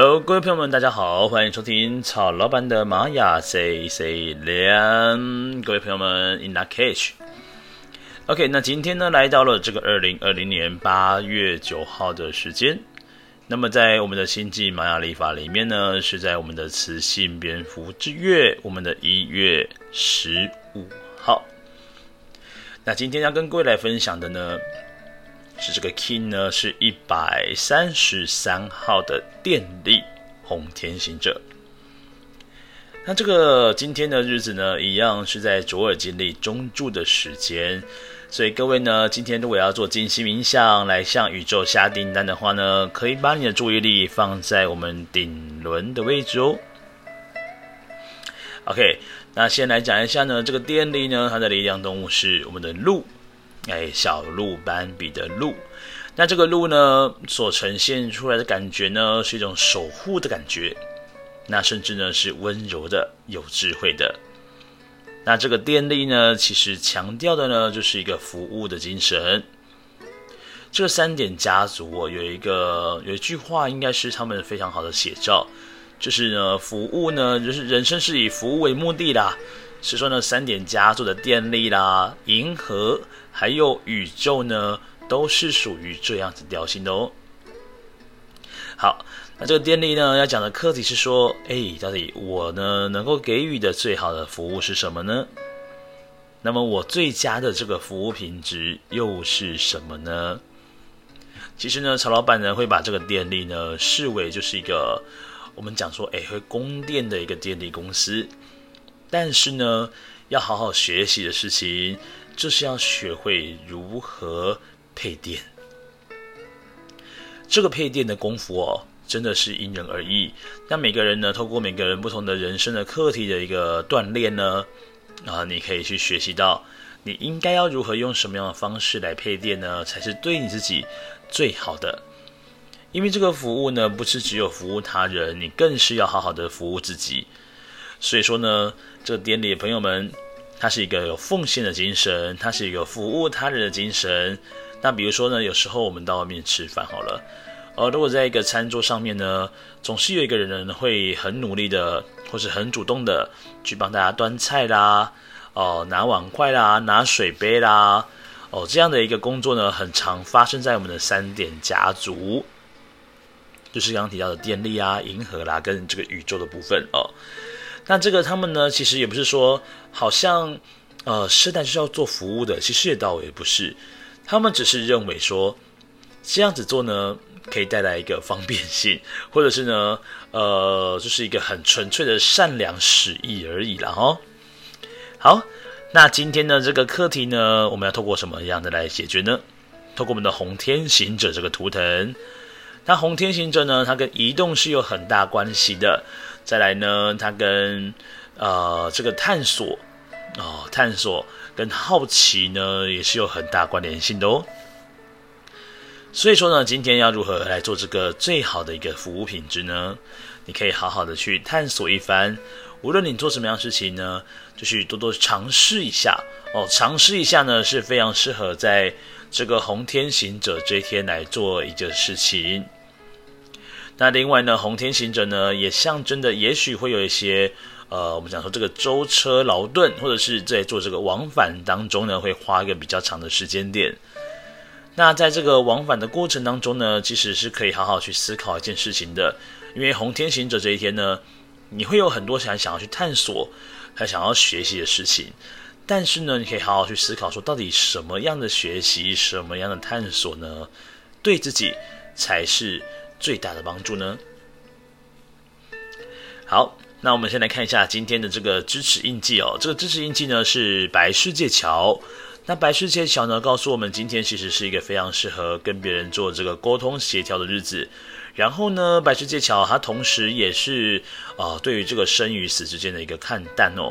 Hello，各位朋友們，大家好，歡迎收聽草老板的瑪雅 C C 兩。各位朋友們，In lak'ech。OK，那今天呢，來到了這個二零二零年八月九號的時間。那麼在我們的星際瑪雅曆法裡面呢，是在我們的磁性蝙蝠之月，我們的一月十五號。那今天要跟各位來分享的呢。是這個 kin 呢，是一百三十三號的電力紅天行者。那這個今天的日子呢，一樣是在卓爾金曆中柱的時間，所以各位呢，今天如果要做靜心冥想來向宇宙下訂單的話呢，可以把你的注意力放在我們頂輪的位置哦。OK，那先來講一下呢，這個電力呢，它的力量動物是我們的鹿。哎，小鹿斑比的鹿，那這個鹿呢，所呈現出來的感覺呢，是一種守護的感覺，那甚至呢是溫柔的、有智慧的。那這個電力呢，其實強調的呢，就是一個服務的精神。這個、三點家族哦，有一個有一句話，應該是他們非常好的寫照，就是呢，服務呢，就是人生是以服務為目的的。是說呢，三點加做的電力啦，銀河還有宇宙呢，都是屬於這樣子調性的哦。好，那這個電力呢，要講的課題是說，哎，到底我呢能夠給予的最好的服務是什麼呢？那麼我最佳的這個服務品質又是什麼呢？其實呢，曹老闆呢會把這個電力呢視為就是一個我們講說，哎，會供電的一個電力公司。但是呢，要好好學習的事情，就是要學會如何配電。這個配電的功夫哦，真的是因人而異。那每個人呢，透過每個人不同的人生的課題的一個鍛鍊呢，啊，你可以去學習到，你應該要如何用什麼樣的方式來配電呢，才是對你自己最好的。因為這個服務呢，不是只有服務他人，你更是要好好的服務自己。所以說呢，這個電力的朋友們，他是一個有奉獻的精神，他是一個服務他人的精神。那比如說呢，有時候我們到外面吃飯好了，呃、哦，如果在一個餐桌上面呢，總是有一個人呢會很努力的，或是很主動的去幫大家端菜啦，哦，拿碗筷啦，拿水杯啦，哦，這樣的一個工作呢，很常發生在我們的三點家族，就是剛剛提到的電力啊、銀河啦，跟這個宇宙的部分哦。那這個他們呢，其實也不是說好像，呃，是，但是要做服務的，其實也倒也不是，他們只是認為說這樣子做呢，可以帶來一個方便性，或者是呢，呃，就是一個很純粹的善良使意而已啦，哦，哈。好，那今天的這個課題呢，我們要透過什麼樣的來解決呢？透過我們的紅天行者這個圖騰，那紅天行者呢，它跟移動是有很大關係的。再來呢，它跟呃這個探索哦，探索跟好奇呢，也是有很大關聯性的哦。所以說呢，今天要如何來做這個最好的一個服務品質呢？你可以好好的去探索一番，無論你做什麼樣的事情呢，就去多多嘗試一下哦。嘗試一下呢，是非常適合在這個紅天行者這一天來做一件事情。那另外呢，紅天行者呢，也象徵的，也許會有一些，呃，我們講說這個舟車勞頓，或者是在做這個往返當中呢，會花一個比較長的時間點。那在這個往返的過程當中呢，其實是可以好好去思考一件事情的，因為紅天行者這一天呢，你會有很多想想要去探索，還想要學習的事情，但是呢，你可以好好去思考說，到底什麼樣的學習，什麼樣的探索呢，對自己才是。最大的幫助呢？好，那我們先來看一下今天的這個支持印記哦。這個支持印記呢是白世界橋，那白世界橋呢告訴我們，今天其實是一個非常適合跟別人做這個溝通協調的日子。然後呢，白世界橋，它同時也是啊、哦，對於這個生與死之間的一個看淡哦。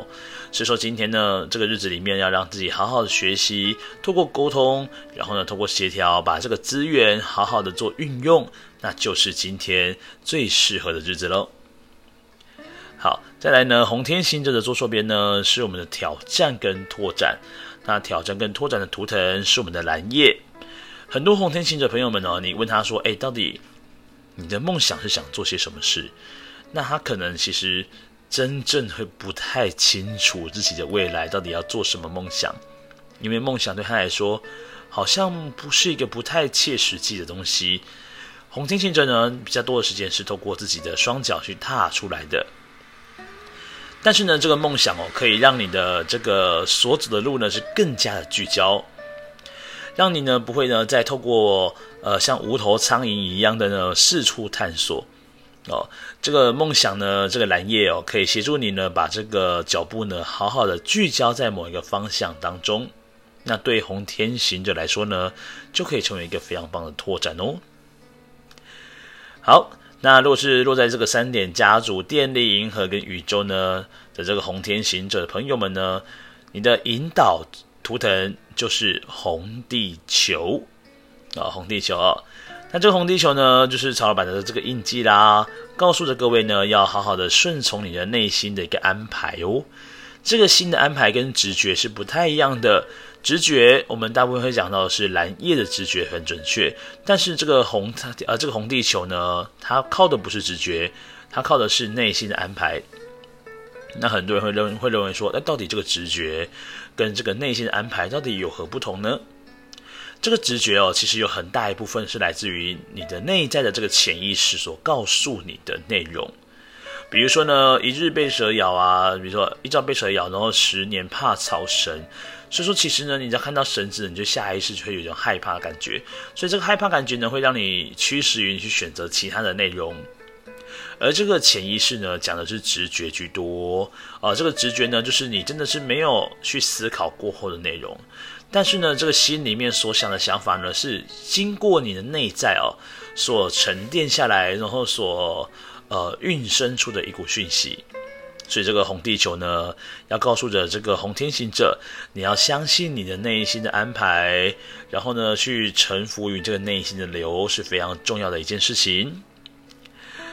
所以說今天呢，這個日子裡面要讓自己好好的學習，透過溝通，然後呢，透過協調，把這個資源好好的做運用，那就是今天最適合的日子嘍。好，再來呢，紅天行者的左手邊，呢是我們的挑戰跟拓展，那挑戰跟拓展的圖騰是我們的藍夜。很多紅天行者朋友們哦，你問他說，哎，到底？你的夢想是想做些什麼事？那他可能其實真正會不太清楚自己的未來到底要做什麼夢想，因為夢想對他來說好像不是一個不太切實際的東西。紅天行者呢，比較多的時間是透過自己的雙腳去踏出來的，但是呢，這個夢想哦，可以讓你的這個所走的路呢是更加的聚焦。讓你呢不會呢再透過呃像無頭蒼蠅一樣的呢四處探索哦，這個夢想呢這個藍夜哦，可以協助你呢把這個腳步呢好好的聚焦在某一個方向當中。那對紅天行者來說呢就可以成為一個非常棒的拓展哦。好，那若是落在這個三點家族、電力銀河跟宇宙呢的這個紅天行者的朋友們呢，你的引導圖騰。就是紅地球啊，哦，紅地球啊，哦。那這個紅地球呢，就是曹老板的這個印記啦，告訴着各位呢，要好好的順從你的內心的一個安排哦。這個心的安排跟直覺是不太一樣的。直覺，我們大部分會講到的是藍夜的直覺很準確，但是這個紅，啊，呃，這個紅地球呢，它靠的不是直覺，它靠的是內心的安排。那很多人會認為會認為說，那，呃、到底這個直覺，跟這個內心的安排到底有何不同呢？這個直覺哦，其實有很大一部分是來自於你的內在的這個潛意識所告訴你的內容。比如說呢，一日被蛇咬啊，比如說一朝被蛇咬，然後十年怕草繩。所以說，其實呢，你只要看到繩子，你就下意識就會有一種害怕的感覺。所以這個害怕感覺呢，會讓你驅使於你去選擇其他的內容。而這個潛意識呢，講的是直覺居多啊、呃。這個直覺呢，就是你真的是沒有去思考過後的內容，但是呢，這個心裡面所想的想法呢，是經過你的內在哦所沉澱下來，然後所呃孕生出的一股訊息。所以這個紅地球呢，要告訴着這個紅天行者，你要相信你的內心的安排，然後呢，去臣服於這個內心的流，是非常重要的一件事情。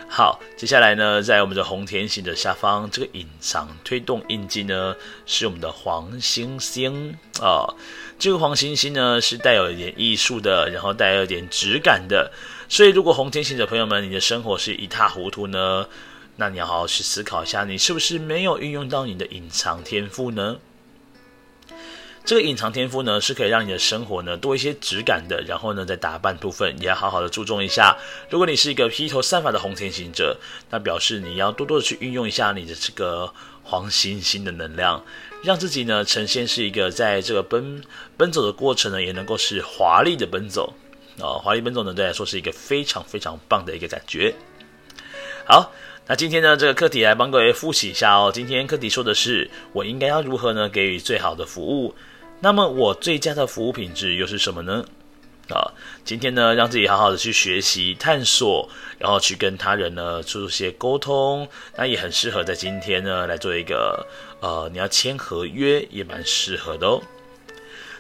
好，接下來呢，在我們的紅天行者的下方，這個隱藏推動印記呢，是我們的黃星星啊、哦。這個黃星星呢，是帶有一點藝術的，然後帶有一點質感的。所以，如果紅天行者的朋友們，你的生活是一塌糊塗呢，那你要好好去思考一下，你是不是沒有運用到你的隱藏天賦呢？這個隱藏天賦呢，是可以讓你的生活呢多一些質感的。然後呢，在打扮部分也要好好的注重一下。如果你是一個披頭散髮的紅天行者，那表示你要多多的去運用一下你的這個黃星星的能量，讓自己呢呈現是一個在這個奔奔走的過程呢，也能夠是華麗的奔走啊。哦，華麗奔走呢對來說是一個非常非常棒的一個感覺。好，那今天呢這個課題來幫各位複習一下哦。今天課題說的是我應該要如何呢給予最好的服務。那麼我最佳的服務品質又是什麼呢？啊，今天呢，讓自己好好的去學習、探索，然後去跟他人呢做一些溝通，那也很適合在今天呢來做一個呃，你要簽合約也蠻適合的哦。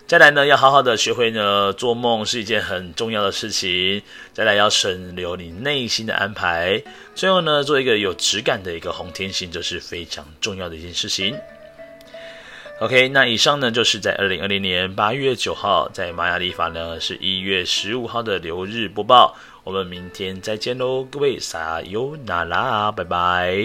再來呢，要好好的學會呢做夢是一件很重要的事情。再來要順流你內心的安排。最後呢，做一個有質感的一個紅天星，這就是非常重要的一件事情。OK，那以上呢，就是在二零二零年八月九號，在瑪雅曆法呢，是一月十五號的流日播報。我們明天再見嘍，各位，撒由那拉，拜拜。